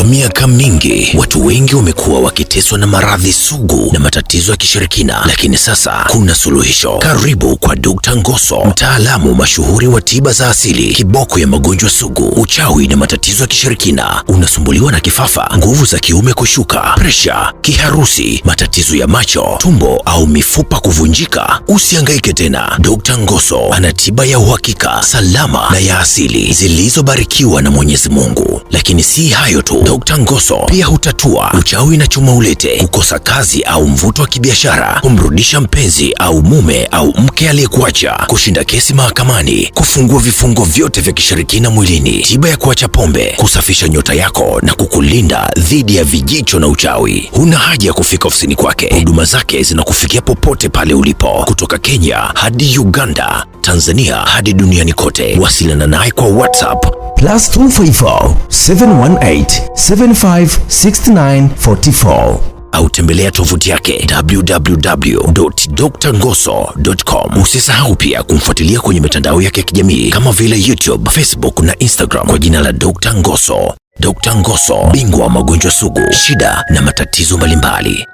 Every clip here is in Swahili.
Kwa miaka mingi watu wengi wamekuwa wakiteswa na maradhi sugu na matatizo ya kishirikina, lakini sasa kuna suluhisho. Karibu kwa Dr. Ngoso, mtaalamu mashuhuri wa tiba za asili, kiboko ya magonjwa sugu, uchawi na matatizo ya kishirikina. Unasumbuliwa na kifafa, nguvu za kiume kushuka, presha, kiharusi, matatizo ya macho, tumbo au mifupa kuvunjika? Usihangaike tena. Dr. Ngoso ana tiba ya uhakika, salama na ya asili zilizobarikiwa na Mwenyezi Mungu. Lakini si hayo tu Dr. Ngoso pia hutatua uchawi na chuma ulete, kukosa kazi au mvuto wa kibiashara, kumrudisha mpenzi au mume au mke aliyekuacha, kushinda kesi mahakamani, kufungua vifungo vyote vya kishirikina mwilini, tiba ya kuacha pombe, kusafisha nyota yako na kukulinda dhidi ya vijicho na uchawi. Huna haja ya kufika ofisini kwake, huduma zake zinakufikia popote pale ulipo, kutoka Kenya hadi Uganda, Tanzania hadi duniani kote. Wasiliana naye kwa WhatsApp plus 254 718 756944 au tembelea tovuti yake www.drngoso.com. Usisahau pia kumfuatilia kwenye mitandao yake ya kijamii kama vile YouTube, Facebook na Instagram kwa jina la Dr. Ngoso. Dr. Ngoso, bingwa wa magonjwa sugu, shida na matatizo mbalimbali.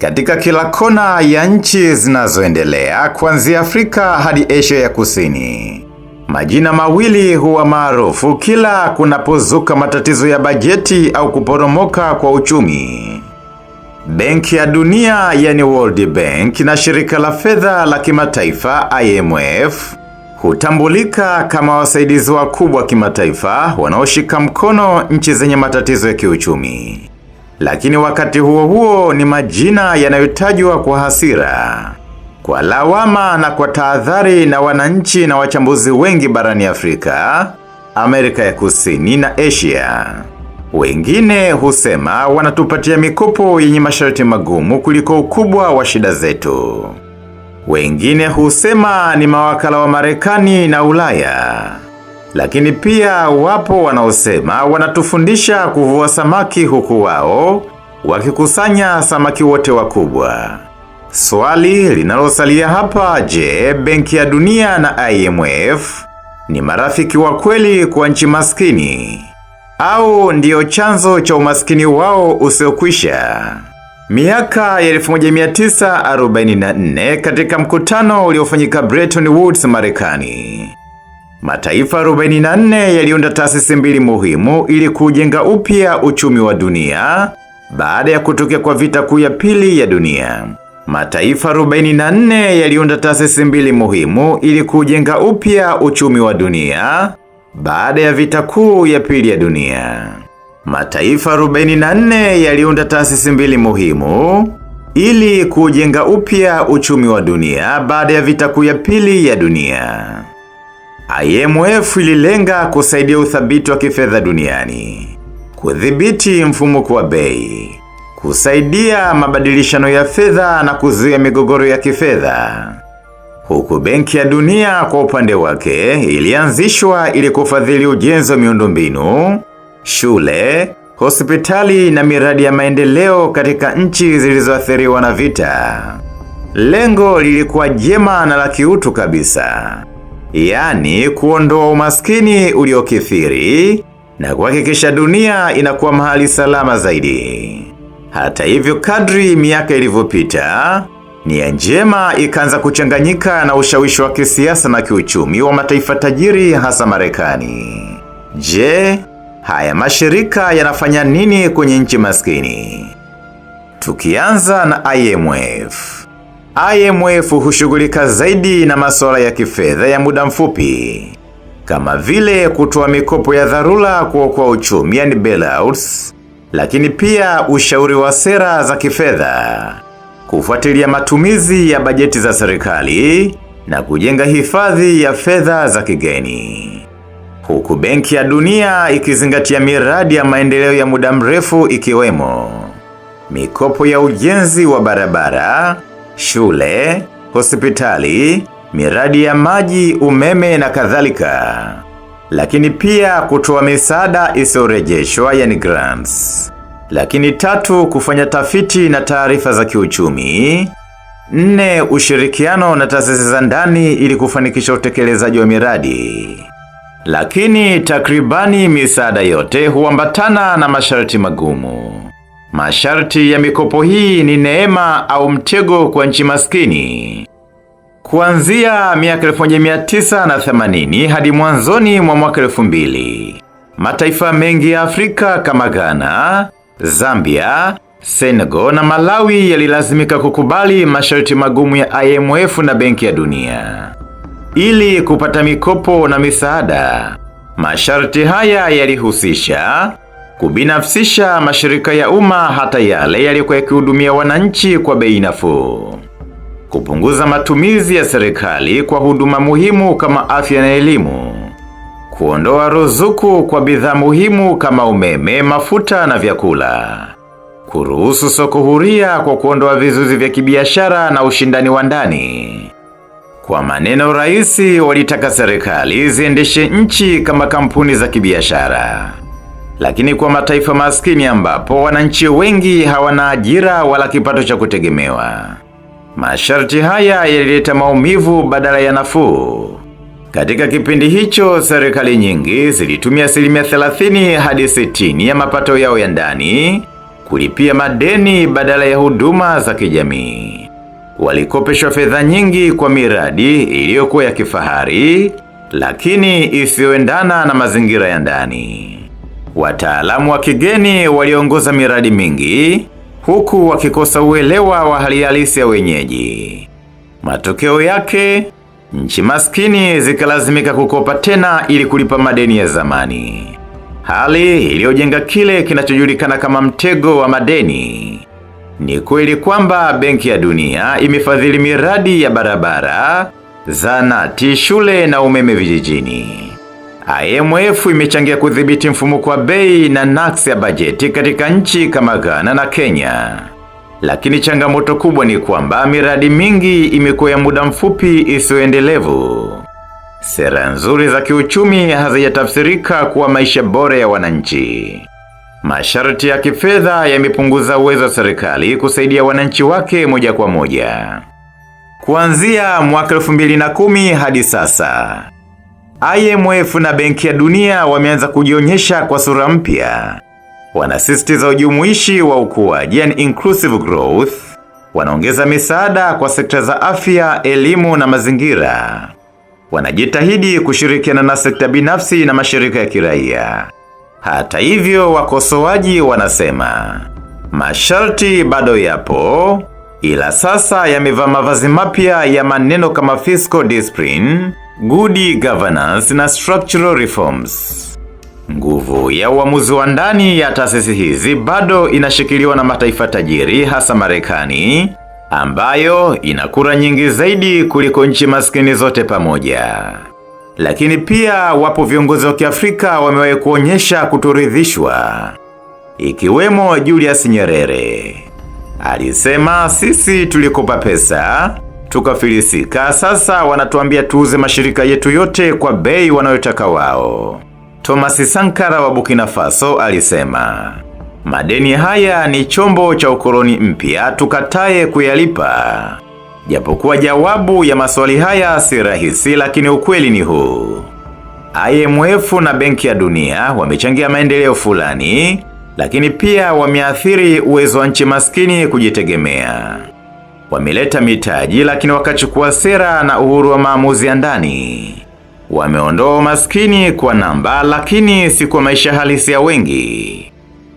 katika kila kona ya nchi zinazoendelea kuanzia Afrika hadi Asia ya Kusini. Majina mawili huwa maarufu kila kunapozuka matatizo ya bajeti au kuporomoka kwa uchumi. Benki ya Dunia yani World Bank na shirika la fedha la kimataifa IMF hutambulika kama wasaidizi wakubwa wa kimataifa wanaoshika mkono nchi zenye matatizo ya kiuchumi lakini wakati huo huo ni majina yanayotajwa kwa hasira, kwa lawama na kwa tahadhari na wananchi na wachambuzi wengi barani Afrika, Amerika ya Kusini na Asia. Wengine husema wanatupatia mikopo yenye masharti magumu kuliko ukubwa wa shida zetu. Wengine husema ni mawakala wa Marekani na Ulaya. Lakini pia wapo wanaosema wanatufundisha kuvua samaki huku wao wakikusanya samaki wote wakubwa. Swali linalosalia hapa, je, Benki ya Dunia na IMF ni marafiki wa kweli kwa nchi maskini au ndiyo chanzo cha umaskini wao usiokwisha? Miaka ya 1944 katika mkutano uliofanyika Bretton Woods, Marekani, Mataifa 44 yaliunda taasisi mbili muhimu ili kujenga upya uchumi wa dunia baada ya kutokea kwa vita kuu ya pili ya dunia. Mataifa 44 yaliunda taasisi mbili muhimu ili kujenga upya uchumi wa dunia baada ya vita kuu ya pili ya dunia. Mataifa 44 yaliunda taasisi mbili muhimu ili kujenga upya uchumi wa dunia baada ya vita kuu ya pili ya dunia. IMF ililenga kusaidia uthabiti wa kifedha duniani, kudhibiti mfumuko wa bei, kusaidia mabadilishano ya fedha na kuzuia migogoro ya kifedha. Huku Benki ya Dunia kwa upande wake ilianzishwa ili kufadhili ujenzi wa miundombinu, shule, hospitali na miradi ya maendeleo katika nchi zilizoathiriwa na vita. Lengo lilikuwa jema na la kiutu kabisa yaani kuondoa umaskini uliokithiri na kuhakikisha dunia inakuwa mahali salama zaidi. Hata hivyo, kadri miaka ilivyopita, nia njema ikaanza kuchanganyika na ushawishi wa kisiasa na kiuchumi wa mataifa tajiri, hasa Marekani. Je, haya mashirika yanafanya nini kwenye nchi maskini? Tukianza na IMF. IMF hushughulika zaidi na masuala ya kifedha ya muda mfupi kama vile kutoa mikopo ya dharura kuokoa uchumi, yani bailouts, lakini pia ushauri wa sera za kifedha, kufuatilia matumizi ya bajeti za serikali na kujenga hifadhi ya fedha za kigeni, huku Benki ya Dunia ikizingatia miradi ya maendeleo ya muda mrefu ikiwemo mikopo ya ujenzi wa barabara shule, hospitali, miradi ya maji, umeme na kadhalika, lakini pia kutoa misaada isiyorejeshwa yani grants. Lakini tatu, kufanya tafiti na taarifa za kiuchumi. Nne, ushirikiano na taasisi za ndani ili kufanikisha utekelezaji wa miradi. Lakini takribani misaada yote huambatana na masharti magumu. Masharti ya mikopo hii ni neema au mtego kwa nchi maskini. Kuanzia miaka 1980 hadi mwanzoni mwa mwaka mbili mataifa mengi ya Afrika kama Ghana, Zambia, Senegal na Malawi yalilazimika kukubali masharti magumu ya IMF na Benki ya Dunia ili kupata mikopo na misaada. Masharti haya yalihusisha kubinafsisha mashirika ya umma hata yale yaliyokuwa yakihudumia wananchi kwa bei nafuu, kupunguza matumizi ya serikali kwa huduma muhimu kama afya na elimu, kuondoa ruzuku kwa bidhaa muhimu kama umeme, mafuta na vyakula, kuruhusu soko huria kwa kuondoa vizuizi vya kibiashara na ushindani wa ndani. Kwa maneno rahisi, walitaka serikali ziendeshe nchi kama kampuni za kibiashara lakini kwa mataifa maskini ambapo wananchi wengi hawana ajira wala kipato cha kutegemewa. Masharti haya yalileta maumivu badala ya nafuu. Katika kipindi hicho, serikali nyingi zilitumia asilimia 30 hadi 60 ya mapato yao ya ndani kulipia madeni badala ya huduma za kijamii. Walikopeshwa fedha nyingi kwa miradi iliyokuwa ya kifahari, lakini isiyoendana na mazingira ya ndani. Wataalamu wa kigeni waliongoza miradi mingi huku wakikosa uelewa wa hali halisi ya wenyeji. Matokeo yake, nchi maskini zikalazimika kukopa tena ili kulipa madeni ya zamani, hali iliyojenga kile kinachojulikana kama mtego wa madeni. Ni kweli kwamba Benki ya Dunia imefadhili miradi ya barabara, zahanati, shule na umeme vijijini IMF imechangia kudhibiti mfumuko wa bei na nakisi ya bajeti katika nchi kama Ghana na Kenya. Lakini changamoto kubwa ni kwamba miradi mingi imekuwa ya muda mfupi isiyoendelevu. Sera nzuri za kiuchumi hazijatafsirika kuwa maisha bora ya wananchi. Masharti ya kifedha yamepunguza uwezo wa serikali kusaidia wananchi wake moja kwa moja. Kuanzia mwaka 2010 hadi sasa IMF na Benki ya Dunia wameanza kujionyesha kwa sura mpya. Wanasisitiza ujumuishi wa ukuaji, yani inclusive growth. Wanaongeza misaada kwa sekta za afya, elimu na mazingira. Wanajitahidi kushirikiana na sekta binafsi na mashirika ya kiraia. Hata hivyo, wakosoaji wanasema masharti bado yapo, ila sasa yamevaa mavazi mapya ya maneno kama fiscal discipline good governance na structural reforms. Nguvu ya uamuzi wa ndani ya taasisi hizi bado inashikiliwa na mataifa tajiri, hasa Marekani ambayo ina kura nyingi zaidi kuliko nchi maskini zote pamoja. Lakini pia wapo viongozi wa Kiafrika wamewahi kuonyesha kutoridhishwa, ikiwemo Julius Nyerere. Alisema sisi tulikopa pesa tukafilisika. Sasa wanatuambia tuuze mashirika yetu yote kwa bei wanayotaka wao. Thomas Sankara wa Burkina Faso alisema madeni haya ni chombo cha ukoloni mpya, tukataye kuyalipa. Japokuwa jawabu ya maswali haya si rahisi, lakini ukweli ni huu: IMF na Benki ya Dunia wamechangia maendeleo fulani, lakini pia wameathiri uwezo wa nchi maskini kujitegemea wameleta mitaji, lakini wakachukua sera na uhuru wa maamuzi ya ndani. Wameondoa umaskini kwa namba, lakini si kwa maisha halisi ya wengi.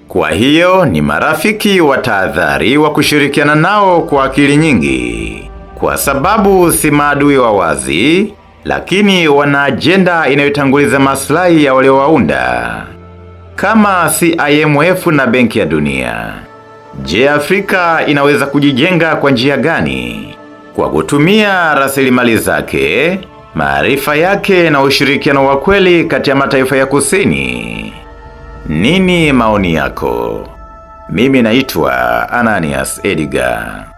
Kwa hiyo ni marafiki wa tahadhari wa kushirikiana nao kwa akili nyingi, kwa sababu si maadui wa wazi, lakini wana ajenda inayotanguliza maslahi ya waliowaunda, kama CIMF na Benki ya Dunia. Je, Afrika inaweza kujijenga kwa njia gani? Kwa kutumia rasilimali zake, maarifa yake na ushirikiano wa kweli kati ya mataifa ya kusini. Nini maoni yako? Mimi naitwa Ananias Edgar.